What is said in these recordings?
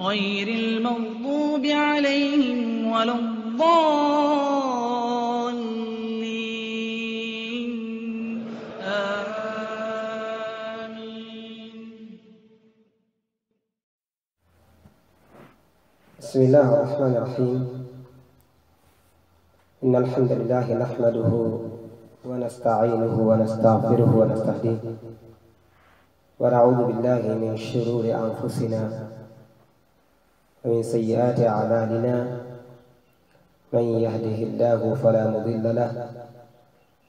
غير المغضوب عليهم ولا الضالين آمين بسم الله الرحمن الرحيم إن الحمد لله نحمده ونستعينه ونستغفره ونستهديه ونعوذ بالله من شرور أنفسنا ومن سيئات أعمالنا من يهده الله فلا مضل له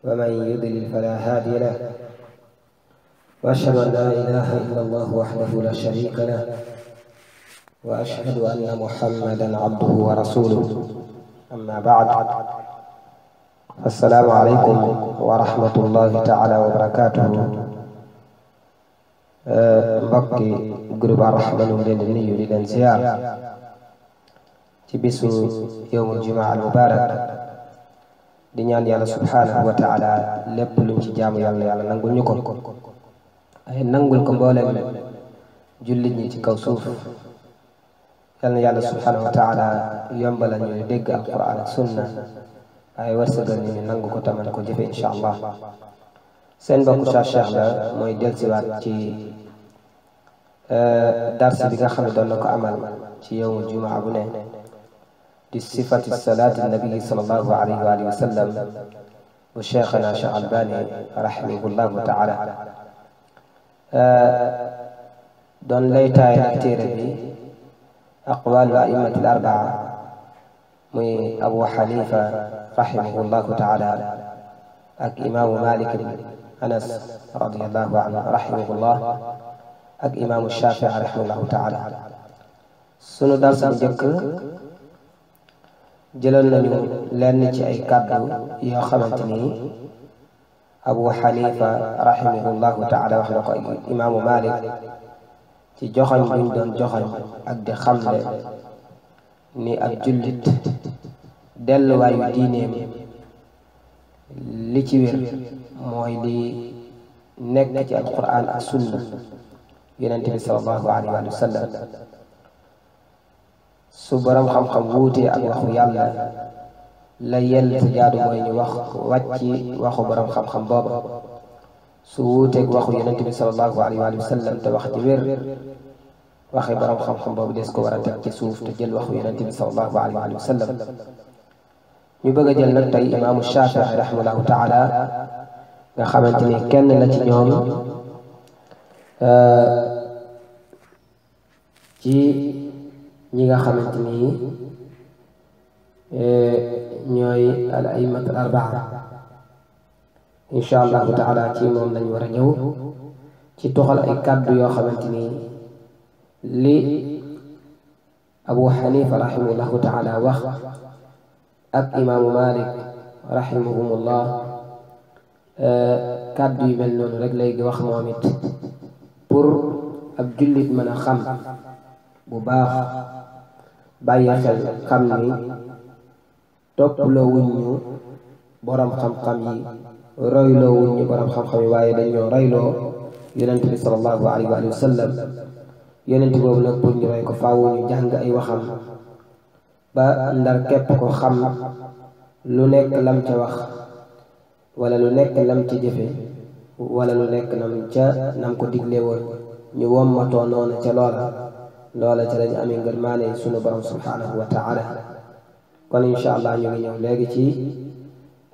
ومن يضلل فلا هادي له وأشهد أن لا إله إلا الله وحده لا شريك له وأشهد أن محمدا عبده ورسوله أما بعد السلام عليكم ورحمة الله تعالى وبركاته آه، بقي قرب الرحمن ولدني لدن زيار ci bisu yowmul jumaa al mubaarak di ñaan yàlla subhaanahu wa taala lépp luñ ci jaamu yàlla yàlla nangul ñu ko ay nangul ko mbooleem jullit ñi ci kaw suuf yàlla subhaanahu wa taala yombala ñu dégg alquran ak sunna ay wërsëgal ñu nangu ko taman ko jëfe incha allah seen mbokku Cheikh Cheikh la mooy delsiwaat ci eh, dars bi nga xam ne doon na ko amal ci yowmul jumaa bu ne لصفة صلاة النبي صلى الله عليه وآله وسلم وشيخنا شعباني رحمه الله تعالى آه، دون ليتا كثير بي أقوال أئمة الأربعة من أبو حنيفة رحمه الله تعالى أك إمام مالك بن أنس رضي الله عنه رحمه الله أك إمام الشافعي رحمه الله تعالى سنو درس بجك jëloon nañu lenn ci ay kàddu yoo xamante ni abu xanifa rahimahullahu taala wax na ko ak imaamu malik ci joxoñ buñ doon joxoñ ak di xamle ni ab jullit delluwaayu diineem li ci wér mooy li nekk ci alquran ak sunna yonente bi salallahu alayhi wa sallam سبرم خم خم ووتي اك واخو يالا لا يل تجادو موي ني واخ واتي واخو خم خم بابا سووتي ووتي اك بي صلى الله عليه واله وسلم تا واخ تي وير خم خم بابا ديس كو ورا تك تي سوف تا جيل واخو بي صلى الله عليه واله وسلم ني بغا جيل نك امام الشافعي رحمه الله تعالى nga xamanteni kenn la ci ñoom euh, ñi nga xamante ni ñooy al aymat al arbaa incha allahu taala ci moom lañ war a ñëw ci toxal ay kàddu yoo xamante ni li abu xanifa rahimahullahu taala wax ak imaamu malik rahimahumullah kàddu yu mel noonu rek léegi wax moom it pour ab jullit mën a xam bu baax bàyyi xel xam ni topploo wuñ ñu boroom xam-xam yi royloo wuñ ñu borom xam-xam yi waaye dañoo royloo yonent bi sallallahu alayhi wa sallam yonent boobu nag pour ñu roy ko faaw ñu jàng ay waxam ba ndar képp ko xam lu nekk lam ca wax wala lu nekk lam ca jëfe wala lu nekk nam ca nam ko digle woon ñu wommatoon noonu ca loola لولا ترجع من قرمانة سنو برهم سبحانه وتعالى قال إن شاء الله أن يغيّم لأجتي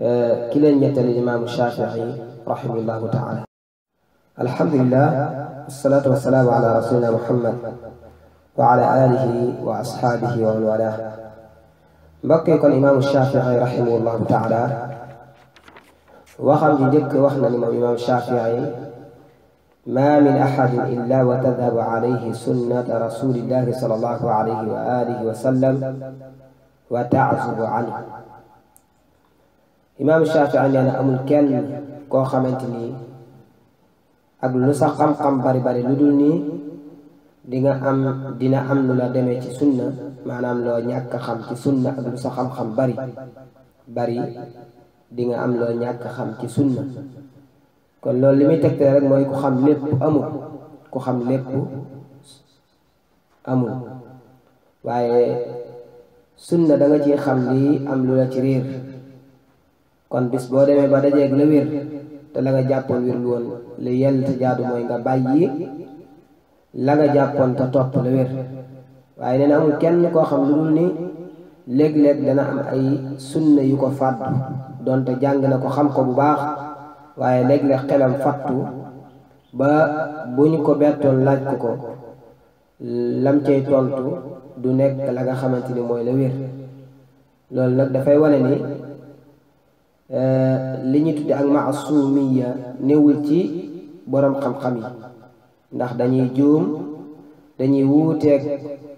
آه، كلا نتل إمام الشافعي رحمه الله تعالى الحمد لله والصلاة والسلام على رسولنا محمد وعلى آله وأصحابه والولاه بقي قال إمام الشافعي رحمه الله تعالى وخم جدك وخنا لإمام الشافعي ما من أحد إلا وتذهب عليه سنة رسول الله صلى الله عليه وآله وسلم وتعزب عنه إمام الشافعي أن يعني أنا أمو الكل كو خمنتني أقول لسا قم قم باري باري لدوني دينا أم دينا أم لا دمي سنة معنى أم لا نياك خم تي أقول لسا قم قم باري باري دينا أم لو نياك خم تي سنة kon loolu li muy tegtale rek mooy ku xam lépp amul ku xam lépp amul waaye sunna da danga ci xam lii am lu la ci riir kon bis boo demee ba dajeeg la wér te la nga jàppoon wérul woon li yell te jaadu mooy nga bàyyi la nga jàppoon te topp la wér waaye nee na amul kenn koo xam lu dul ni léeg-léeg dana am ay sunna yu ko fàddu donte jàng na ko xam ko bu baax waye leg nga xelam fatu ba buñ ko bettoon laaj ko ko lam cey tontu du nek la nga xamanteni moy la la lol nak da fay wone ni euh liñu tuddi ak ma'sumiyya newul ci borom xam-xam yi ndax dañuy joom dañuy wuté ak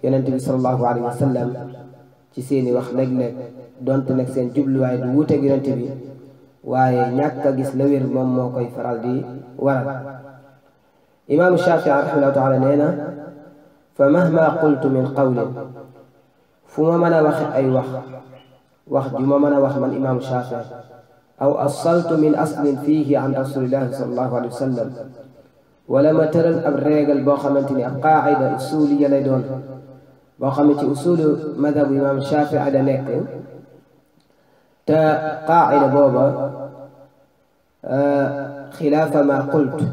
yenenbi sallallahu alaihi wasallam ci seeni wax leg leg donte seen way du wuté ak yenenbi waaye ñàkk a gis la wér moom moo koy faral di waral imaamu shafii rahimahullahu taala nee na fa mahma qultu min qawlin fu ma mën a waxe ay wax wax ju ma mën a wax man imaamu shafii aw asaltu min aslin fiihi an rasulillahi sallallahu alayhi wa sallam wala ma tëral ab réegal boo xamante ni ab qaacida usuuliya lay doon boo xam ne ci usuulu madhabu imaamu shafii da nekk te qaacida booba خلاف ما قلت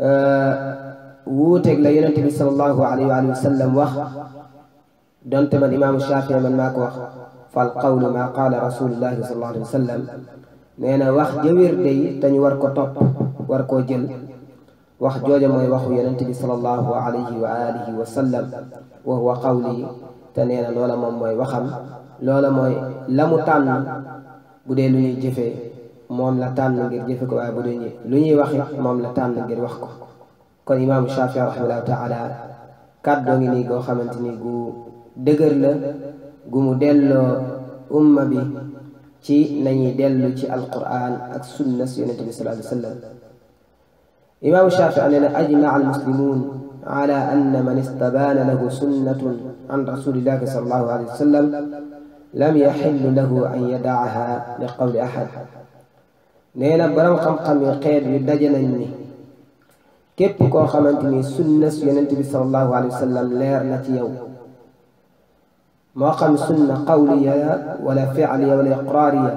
آه، ووتك لا ينتبه صلى الله عليه وآله وسلم وخ دنت من إمام الشافعي من ماك وخ فالقول ما قال رسول الله صلى الله عليه وسلم نينا وخ جوير دي تاني وركو طب وركو جل وخ جوجة موي وخ ينتبه صلى الله عليه وآله وسلم وهو قولي تنينا لولا موي وخم لولا موي لمتان بدي لني جفه موم لا تان غير جيفكو واي بو دي لو ني واخ موم لا تان غير واخ كون امام الشافعي رحمه الله تعالى كادو ني ني غو خامتيني غو دغور لا غو مو ديلو امه بي تي ناني ديلو تي القران اك سنه سيدنا صلى الله عليه وسلم امام الشافعي قال اجمع المسلمون على ان من استبان له سنه عن رسول الله صلى الله عليه وسلم لم يحل له ان يدعها لقول احد nee na borom xam-xam yi xeet yi daje nañ ni képp koo xamante ni sunna su yonent bi sallallahu alayhi wa sallam leer na ci yow moo xam sunna qawliya wala fi'liya wala iqraariya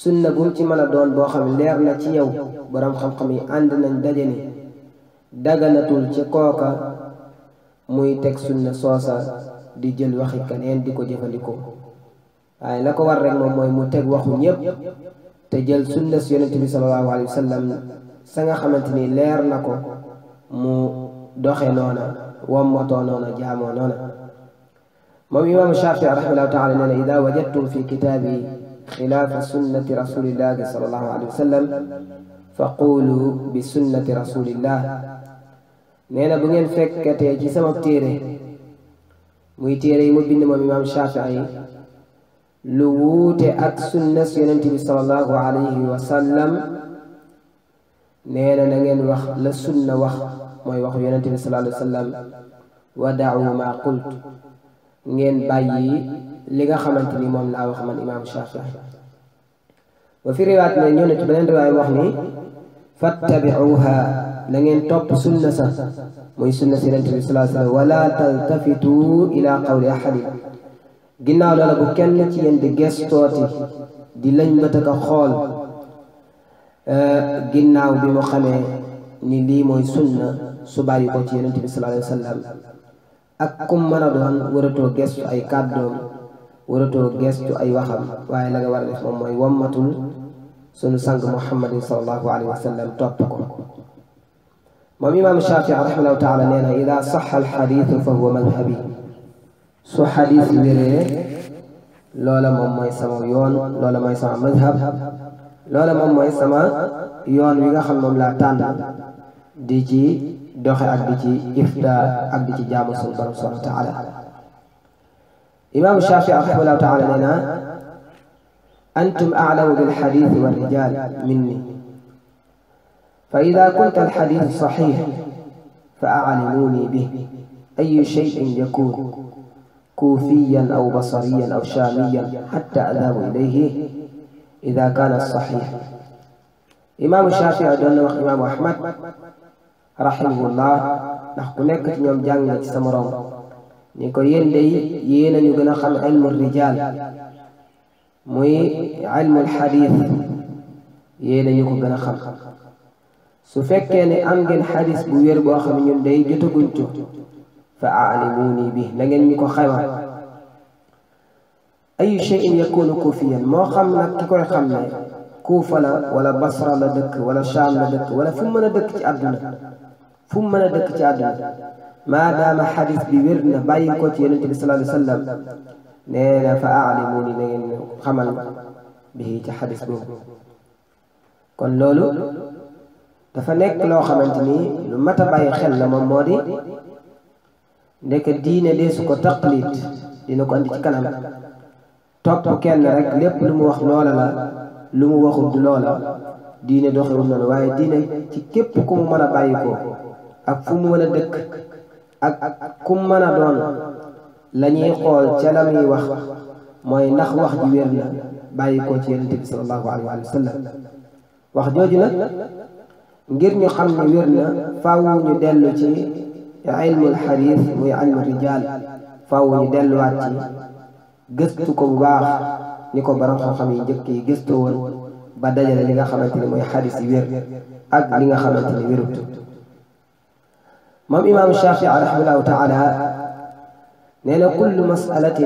sunna gum ci mën a doon boo xam leer na ci yow borom xam-xam yi ànd nañ daje ni daganatul ci kooka muy teg sunna soosa di jël waxi keneen di ko jëfandikoo waaye la ko war rek moom mooy mu teg waxu ñépp te jël sunna si bi sallallahu alayhi wa sa nga xamante ni leer na ko mu doxe noona wammatoo noona jaamoo noona moom imaamu Shaafi rahimahullahu taala nee na ida wajadtum fi kitaabi xilaafa sunnati rasulillahi sallallahu alayhi wa sallam fa quulu bi sunnati rasulillah nee na bu ngeen fekkatee ci sama téere muy téere yi mu moom imaam Shaafi lu wuute ak sunnas yonent bi sallallahu alayhi wa sallam nee na na ngeen wax la sunna wax mooy waxu yonent bi sallallahu alayhi wa sallam wa da'u ma qult ngeen bàyyi li nga xamante ni moom laa wax man imaam Shaafi'i wa fi riwaayat ne ñëw na ci beneen riwaay wax ni fattabi'uha na ngeen topp sunna sa si yonent bi sallallahu alayhi wala taltafitu ila qawli ahadin ginnaaw loola bu kenn ci yéen di gestooti di lañ bët ak a xool euh, ginnaaw bi mu xamee ni lii mooy sunna su bàyyi ko ci yonent bi sallallahu alayhi wa sallam ak kum doon waratoo gestu ay kàddoom waratoo gestu ay waxam waaye la nga war a def moom mooy wammatul sunu sang muhammadin sallallahu alayhi wa sallam topp ko moom imaam Shaafi rahimahullahu taala nee na ida saxa alxadiisu fa huwa madhabi سو حديث بيري لولا مموي سما يون لولا موي سما مذهب لولا مموي سما يون ويغا خن مملا تان دي جي دوخي اك دي جي افتا اك دي جي جامو سبحانه سبحانه وتعالى امام الشافعي رحمه الله تعالى لنا انتم اعلم بالحديث والرجال مني فاذا كنت الحديث صحيح فاعلموني به اي شيء يكون كوفيا أو بصريا أو شاميا حتى أذهب إليه إذا كان الصحيح إمام الشافعي أدون إمام أحمد رحمه الله نحن نكت يوم جانج سمرون نيكو يندي يين يغنا خم علم الرجال موي علم الحديث يين يكو غنا خم su fekkee ne am ngeen xadis bu wér boo xam ñun day jotaguñ ci فأعلموني به لنجن ميكو خيما أي شيء يكون كوفيا ما خم كيكو خمي كوفا ولا بصرة لدك ولا شام لدك ولا فم لدك تأدنا فم لدك تأدنا ما دام حديث بيرنا باي كوتي ينتي صلى الله عليه وسلم نينا فأعلموني نين خمل به تحدث به كن لولو دفنك لو خمنتني لما تباي خل لما مودي ndeke diine deesu ko taqlid dina ko andi ci kanam topp kenn rek lépp lu mu wax loola la lu mu waxut du loola diine doxewul noonu waaye diine ci képp ku mu mën a bàyyi ko ak fu mu mën dëkk ak ku mu a doon la ñuy xool ca la muy wax mooy ndax wax ji wér na bàyyi koo ci yonent bi sallallahu alayhi wa wax jooju nag ngir ñu xam ne wér na faaw ñu dellu ci علم الحديث و علم الرجال فهو يدل واتي قست كباخ نيكو برام خامي جكي قستور بدل اللي غا خامتني موي حديث وير اك لي غا خامتني ويروت مام امام الشافعي رحمه الله تعالى نيل كل مساله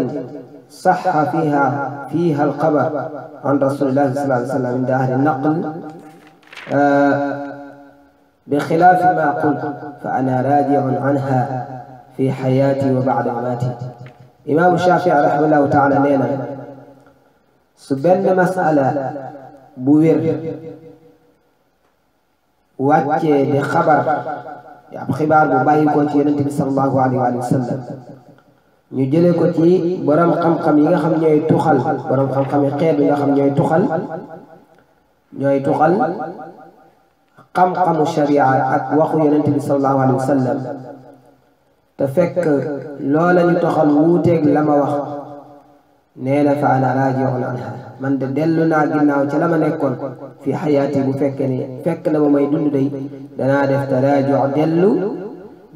صح فيها فيها القبر عن رسول الله صلى الله عليه وسلم عند اهل النقل آه، بخلاف ما قلت فأنا راجع عنها في حياتي وبعد مماتي إمام الشافعي رحمه الله تعالى لنا سبن مسألة بوير واتي بخبر يعني يا بخبر بباي كوتي ينتبه صلى الله عليه وسلم ñu jëlé ko ci borom xam xam yi nga xam ñoy tukhal borom تخل xam yi xam-xamu sharia ak waxu yonent bi sallallahu alayhi wa sallam fekk loola ñu toxal wuuteeg la ma wax nee na fa ana raajiun anha man de dellu naa ginnaaw ca la ma nekkoon fi xayaati bu fekkee ne fekk na ba may dund day danaa def taraajux dellu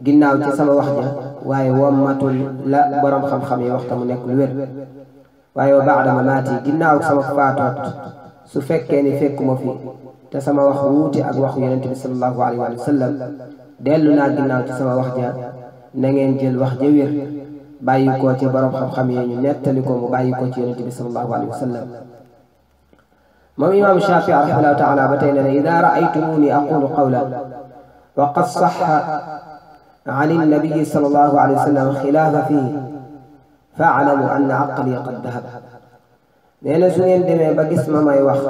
ginnaaw ci sama wax ja waaye wammatul la borom xam-xam yi waxta mu nekk lu wér waaye wa baada mamaati ginnaaw sama faatoot su fekkee ni fekkuma fi تسمى وخروتي أك وخو ينتبه صلى الله عليه وسلم دلنا جناو تسمى وخجا نغن جيل وخجا وير بايكو تي بروم خم خمي ني نيتاليكو مو بايكو تي ينتبه صلى الله عليه وسلم مام امام الشافعي رحمه الله تعالى بتين اذا رايتموني اقول قولا وقد صح عن النبي صلى الله عليه وسلم خلاف فيه فاعلموا ان عقلي قد ذهب لأن سنين دمي بقسم ما يوخ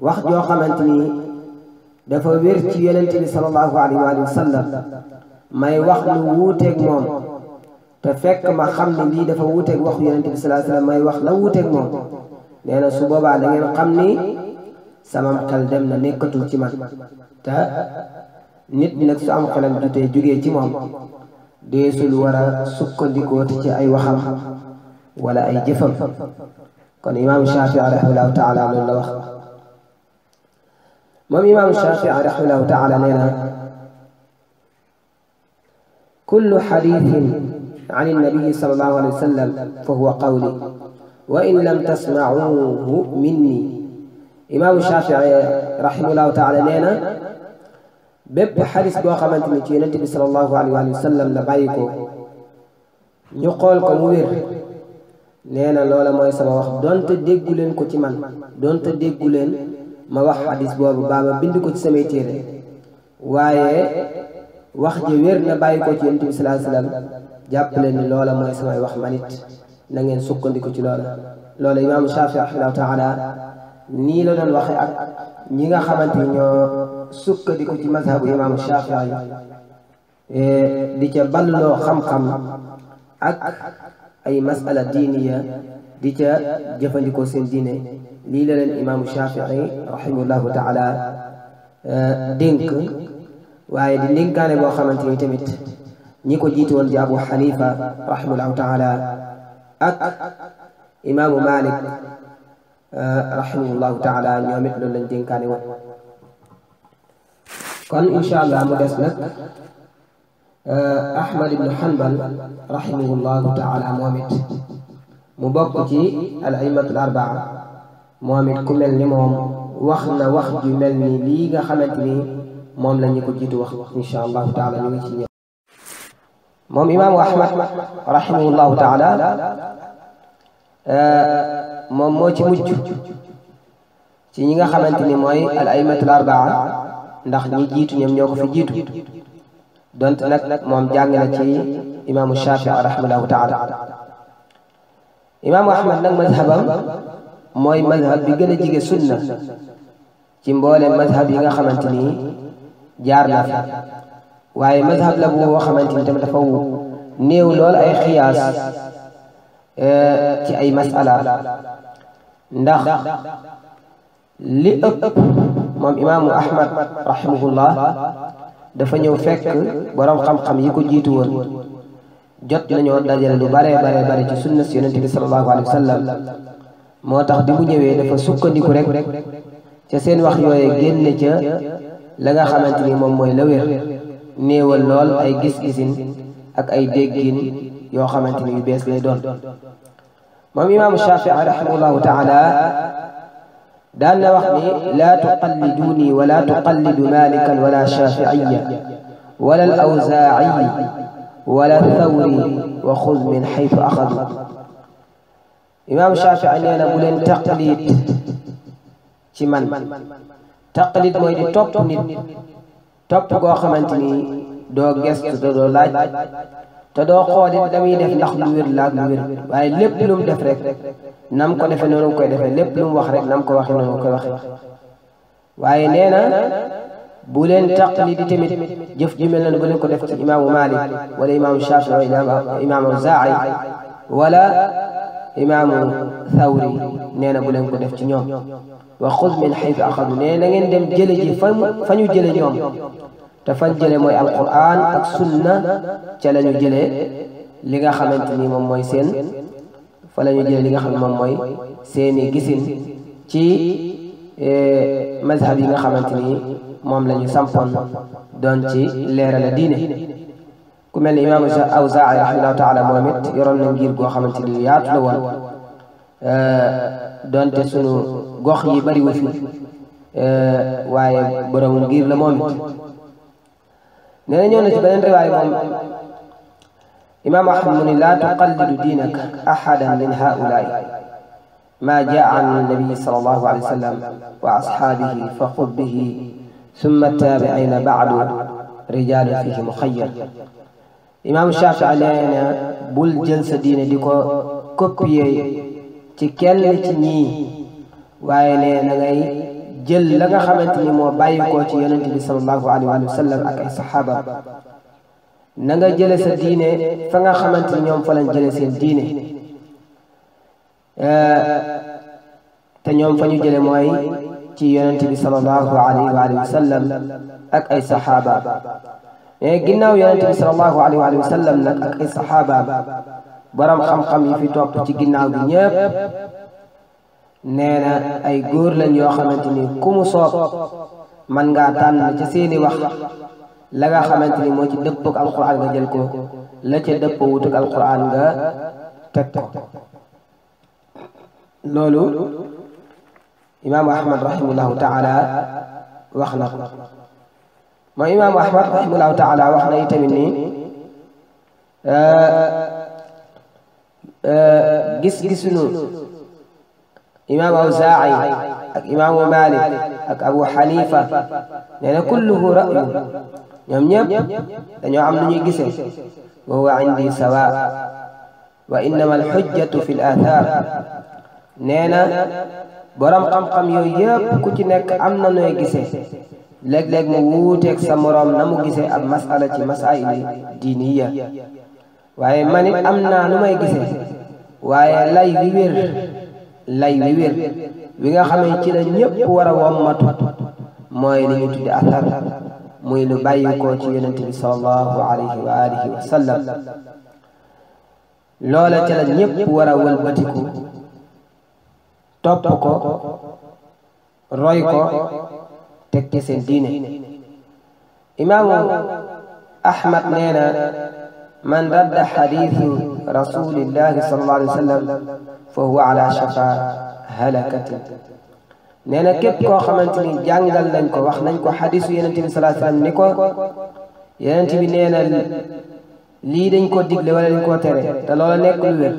وقت يو خمانتني دفا ويرتي يلنتني صلى الله عليه وآله وسلم ماي وقت نووتك موم تفك ما خمني لي دفا ووتك وقت يلنتني صلى الله عليه وسلم ماي وقت نووتك موم لأن سبابا لنين قمني سمام قلدمنا نكتو تيما تا نت نكسو أم قلم جوتي جوغي تيموم ديسو الورا سكن دي قوتي أي وخم ولا أي جفم كان إمام الشافعي رحمه الله تعالى من الله مم إمام الشافعي رحمه الله تعالى لنا كل حديث عن النبي صلى الله عليه وسلم فهو قولي وإن لم تسمعوه مني إمام الشافعي رحمه الله تعالى لنا بب حديث بوخا خمانت من النبي صلى الله عليه وسلم لبايكو نقول كموير نينا لولا ما سما واخ دونت ديغولن كو تي مان دونت ديغولن ma wax xadis boobu baa ma bind ko ci samay téere waaye wax ji wér na bàyyi ko ci yonent bi sallallahu alayhi wasallam loola mooy samay wax manit na ngeen sukkandiku ci loola loola imaamu Shaafi rahimahu taala nii la doon waxe ak ñi nga xamante ñoo sukkandiku ci mazhabu imaamu Shaafi di ca balloo xam-xam ak أي مسألة دينية ديتا جفن ديكو سين ديني ليلة الإمام الشافعي رحمه الله تعالى آه، دينك وهي دينك كان أبو خمنتي تمت نيكو جيتو ولدي أبو حنيفة رحمه الله تعالى أك إمام مالك آه، رحمه الله تعالى يوم لن دين كان kon incha allah mu des nag Ahmad ibn Hanbal rahimahullahu taala moom it mu bokk ci al aimatul arbaa moom it ku mel ni moom wax na wax ju mel ni lii nga xamante ni moom la ñu ko jiitu wax insha allahu taala ñu ngi ci ñëw moom imaamu Ahmad rahimahullahu taala moom moo ci mujj ci ñi nga xamante ni mooy al aimatul arbaa ndax ñi jiitu ñoom ñoo ko fi jiitu donte nag moom jàng na ci imaamu Shafii rahimahullahu taala imaamu Ahmad nag mazhabam mooy mazhab bi gën a jige sunna ci mboolem mazhab yi nga xamante ni jaar na fa waaye mazhab la boo xamante ni tamit dafa néew lool ay xiyaas ci ay masala ndax li ëpp moom imaamu Ahmad rahimahullah dafa ñëw fekk borom xam-xam yi ko jiitu woon jot nañoo dajale lu baree baree bare ci sunna si yonent bi sallallahu alayhi wa sallam moo tax bi mu ñëwee dafa sukkandiku rek ca seen wax yooyee génne ca la nga xamante ni moom mooy la wér néewal lool ay gis-gisin ak ay déggin yoo xamante ni yu bees lay doon moom imaamu Shafii rahimahullahu taala دان وحني لا تقلدوني ولا تقلد مالكا ولا شافعيا ولا الأوزاعي ولا الثوري وخذ من حيث أخذ إمام شافعي أنا أقول إن تقليد تمن تقليد ما يدي توب نيت توب تقوى خمانتني دو جست دو دو لاج تدو قوة دمي دف نخلوير لاغوير وعي لب لوم دف رك nam ko defee noonu nga koy defee lépp lu mu wax rek nam ko waxee noonu nga koy waxee waaye nee na bu leen taqli di tamit jëf ju mel noonu bu leen ko def ci imaamu Malik wala imaamu Shafi wala imaamu imaamu Zaai wala imaamu Thawri nee na bu leen ko def ci ñoom wa xud min xaytu axadu nee na ngeen dem jële ji fa fa ñu jële ñoom te fan jële mooy alquran ak sunna ca la ñu jëlee li nga xamante ni moom mooy seen fa la ñu jëlee li nga xam ne moom mooy seeni gisin ci eh, mazhab yi nga xamante ni moom la ñu sampoon doon ci leerala diine ku mel ni imaamu Awzaa'i rahimahullahu taala moom it yoroon na ngir goo xamante ni yaatu la woon eh, doonte sunu gox yi bari wu fi eh, waaye borom ngir la moom it nee na ñëw na moom إمام أحمد لا تقلد دينك أحدا من هؤلاء ما جاء عن النبي صلى الله عليه وسلم وأصحابه فخذ به ثم التابعين بعد رجال فيه مخير إمام الشافعي علينا بول جلسة دين ديكو كوبي تكل تني وعيني نغي جل لغا خمتني مو بايكو تي صلى الله عليه وسلم أكي صحابة nanga jële sa diine fa nga xamante ni fa lañ jële seen diine te ñom fa ñu jële moy ci yonent bi sallallahu alayhi wa sallam ak ay sahaba mais ginnaw yonent bi sallallahu alayhi wa sallam nak ak ay sahaba borom xam-xam yi fi top ci ginnaw bi ñëpp neena ay góor lañ yo xamante ni ku mu man nga tan ci seeni wax لغا خامتني موتي دبوك القران نجلكو جيلكو لا تي دبووتك القران غا تكو لولو امام احمد رحمه الله تعالى واخنا ما امام احمد رحمه الله تعالى واخنا يتمني ا آه، آه، جس جس امام اوزاعي امام مالك ابو حنيفه لان يعني كله راي ñoom ñëpp dañoo am lu ñuy gisee wa huwa indi sawa wa innama alxujjatu fi l athar nee na boroom xam-xam yooyu yëpp ku ci nekk am na nooy gisee léeg-léeg mu wuuteeg sa moroom na mu gisee ab masala ci masail diiniya waaye man am na lu may gisee waaye lay wi wér lay wi wér wi nga xamee ci la ñëpp war mooy li ñu tudde athar muy lu ko ci yonente bi sallallahu alayhi wa alihi wa la ñépp war a wëlbatiku topp ko roy ko ahmad nee man radda xadiisu rasulillahi sallallahu alayhi wa sallam fa huwa ala shafa halakatin nee na képp koo xamante ni jàngal lañ ko wax nañ ko xadisu yonent bi sallallahu alayhi wasallam ni ko yonent bi nee na lii dañ ko digle wala dañ koo tere te loola nekk lu wér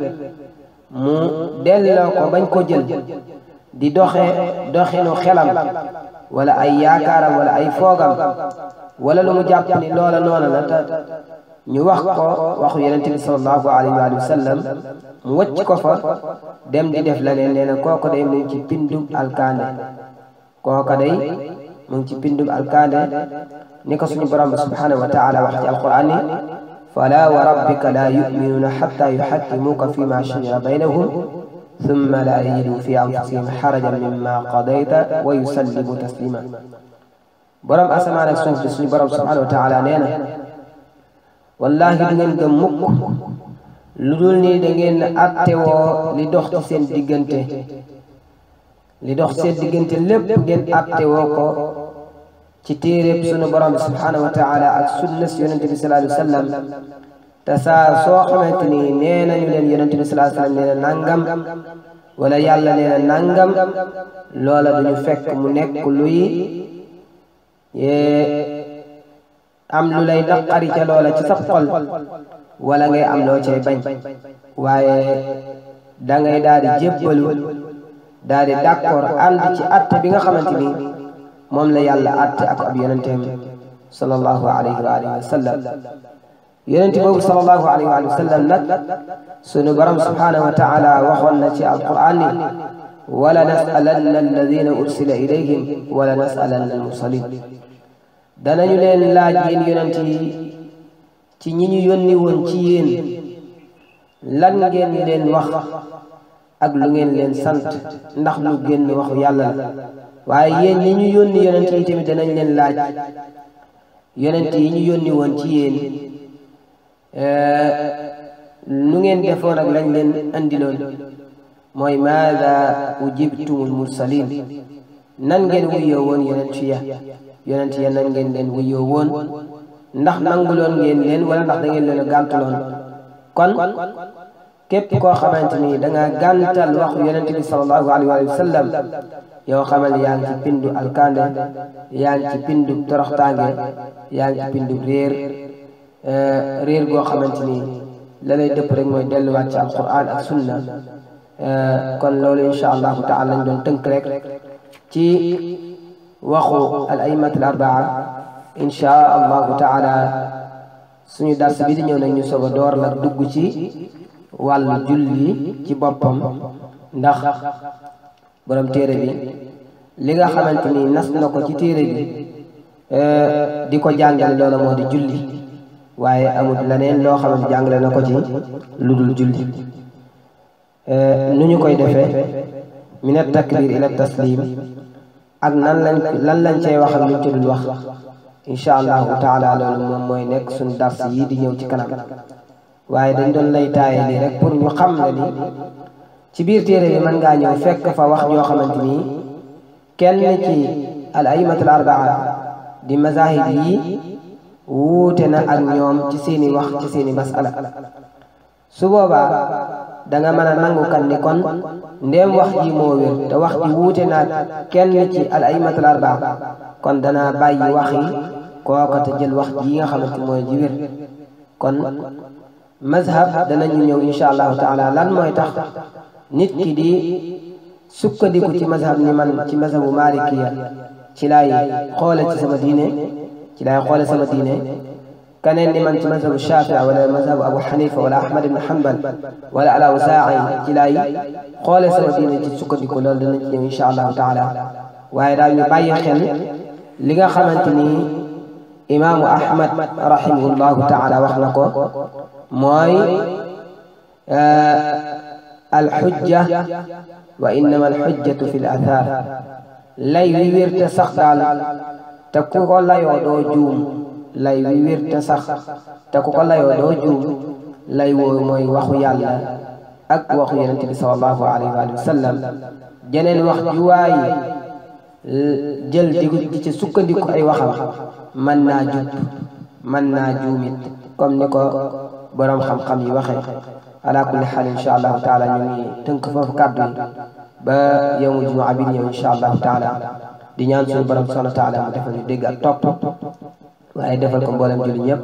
mu delloo ko bañ ko jël di doxe doxinu xelam wala ay yaakaaram wala ay foogam wala lu mu jàpp ni loola noona la نوح وحو صلى الله عليه وسلم موجه كفا دم دي دف لنين لنا كوكو دي منكي بندوب الكانة كوكو دي منكي بندوب الكانة نكسوني برام سبحانه وتعالى وحدي القرآن فلا وربك لا يؤمنون حتى يحكموك فيما شجر بينهم ثم لا يجدوا في أنفسهم حرجا مما قضيت ويسلبوا تسليما برام أسمعنا سنجد سنجد برام سبحانه وتعالى نينه wallaahi du ngeen gëm mukk lu dul nii da ngeen attewoo li dox ci seen diggante li dox seen diggante lépp ngeen attewoo ko ci téeréb sunu borom bi subhaanahu wa taala ak sunna si yonente bi sallallahu alayhi wa te saa soo xamante ni nee nañu leen yonente bi sallallahu alayhi wa sallam nee na nangam wala yàlla nee na nangam loola duñu fekk mu nekk luy am lu lay naqari ca lola ci sa xol wala ngay am lo ci bañ waaye dangay daal di jébbalu daal d'accord ànd ci àtte bi nga xamanteni mom la yàlla àtte ak ab yonentem sallallahu alayhi wa alihi wa sallam yonente boobu sallallahu alayhi wa alihi wa sallam nag sunu borom subhanahu wa taala waxon na ci alquran ni wala nasalanna alladina ursila ilayhim wala nasalanna almursalin ñu leen laaj yéen yonent yi ci ñi ñu yónni woon ci yéen lan ngeen leen wax ak lu ngeen leen sant ndax lu génn waxu yàlla la waaye yéen ñi ñu yónni yonent yi tamit danañ leen laaj yonent yi ñu yónni woon ci yéen eh, nu ngeen defoon ak lañ leen andiloon mooy maada ujibtumul mursalin nan ngeen wuyoo woon yonent ya yonent yéen nan ngeen leen wuyoo woon ndax nanguloon ngeen leen wala ndax da ngeen leen a gàntuloon kon képp koo xamante ni dangaa gàntal wax yonent bi sallallahu alayhi wa sallam yow xamal yaa ngi ci pindu alkande yaa ngi ci pindu toroxtaange yaa ngi ci pindu réer eh, réer goo xamante ni la lay dëpp rek mooy delluwaat ci alquran ak sunna eh, kon loolu incha allahu taala lañ doon tënk rek ci waxu al aymat al arbaa insha allahu taala suñu dars bi di ñëw nag ñu soog a door nag dugg ci wàllu julli ci boppam ndax boroom téere bi li nga xamante ni nas na ko ci téere bi eh, di ko jàngale loola moo di julli waaye amul leneen loo xamante jàngale na ko ci lu dul julli eh, nu ñu koy defee min at takbir ila taslim ak nan lañ lan lañ cay wax ak luñ ci dul wax incha allahu taala loolu moom mooy nekk suñu dars yii di ñëw ci kanam waaye dañ doon lay taaye lii rek pour ñu xam ne ni ci biir téere bi mën ngaa ñëw fekk fa wax yoo xamante ni kenn ci al aymatul arbaa di mazahib yi wuute na ak ñoom ci seeni wax ci seeni masala su danga mën a nangu kan ni kon ndéem wax ji moo wér te wax ji wuute naa kenn ci al aymatul arbaa kon danaa bàyyi wax yi kooka te jël wax ji nga xamante mooy ji wér kon mazhab ñu ñëw insha allahu taala lan mooy tax nit ki di sukkandiku ci mazhab ni man ci mazhabu malikiya ci laay xoole ci sama diine ci laay xoole sama diine كان اللي من مذهب الشافع ولا مذهب أبو حنيفة ولا أحمد بن حنبل ولا على وساعي كلاي قال سردين جد سكت كل إن شاء الله تعالى وهذا يبين خل لقى خمنتني إمام أحمد رحمه الله تعالى وخلقه موي آه الحجة وإنما الحجة في الأثار لا يبير تسخدال تكوغ لا يعدو جوم lay wi wér te sax te ku ko layoo doo juum lay woowu mooy waxu yàlla ak waxu yonente bi sallallahu alayhi wa sallam jeneen wax ju waay jël di ci sukkandiku ay waxam man naa jub mën naa juumit comme ni ko boroom xam-xam yi waxe ala kulli xaal incha allahu taala ñu ngi tënk foofu kàddu yi ba yowmu jumaa bi ñëw incha allahu taala di ñaan suñu borom subhanahu taala mu defal ñu topp waaye defal ko mboolem jullit ñëpp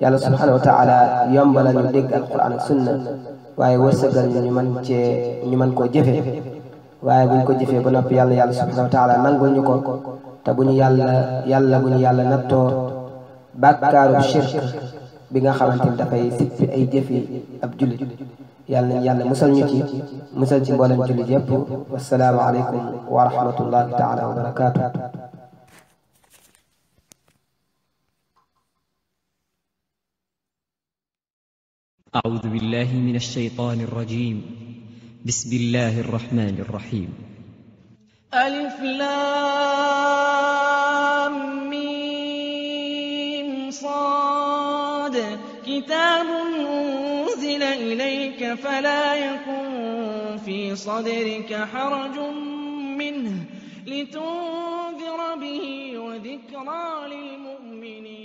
yàlla subhanahu wa a yombalal ñu dégg alquran ak sunna waaye wërsëgal ñu man mën cee ñu mën koo jëfe waaye buñ ko jëfee ba noppi yàlla yàlla subhanahu wa taala nangul ñu ko te bu ñu yàlla yàlla bu ñu yàlla nattoo bàkkaaru shirk bi nga xamante ni dafay sippi ay jëfi ab jullit yàlla nañ yàlla musal ñu ci musal ci mboolem jullit yëpp wasalaamu aleykum wa rahmatullahi taala wa barakaatu أعوذ بالله من الشيطان الرجيم بسم الله الرحمن الرحيم ألف لام ميم صاد كتاب أنزل إليك فلا يكن في صدرك حرج منه لتنذر به وذكرى للمؤمنين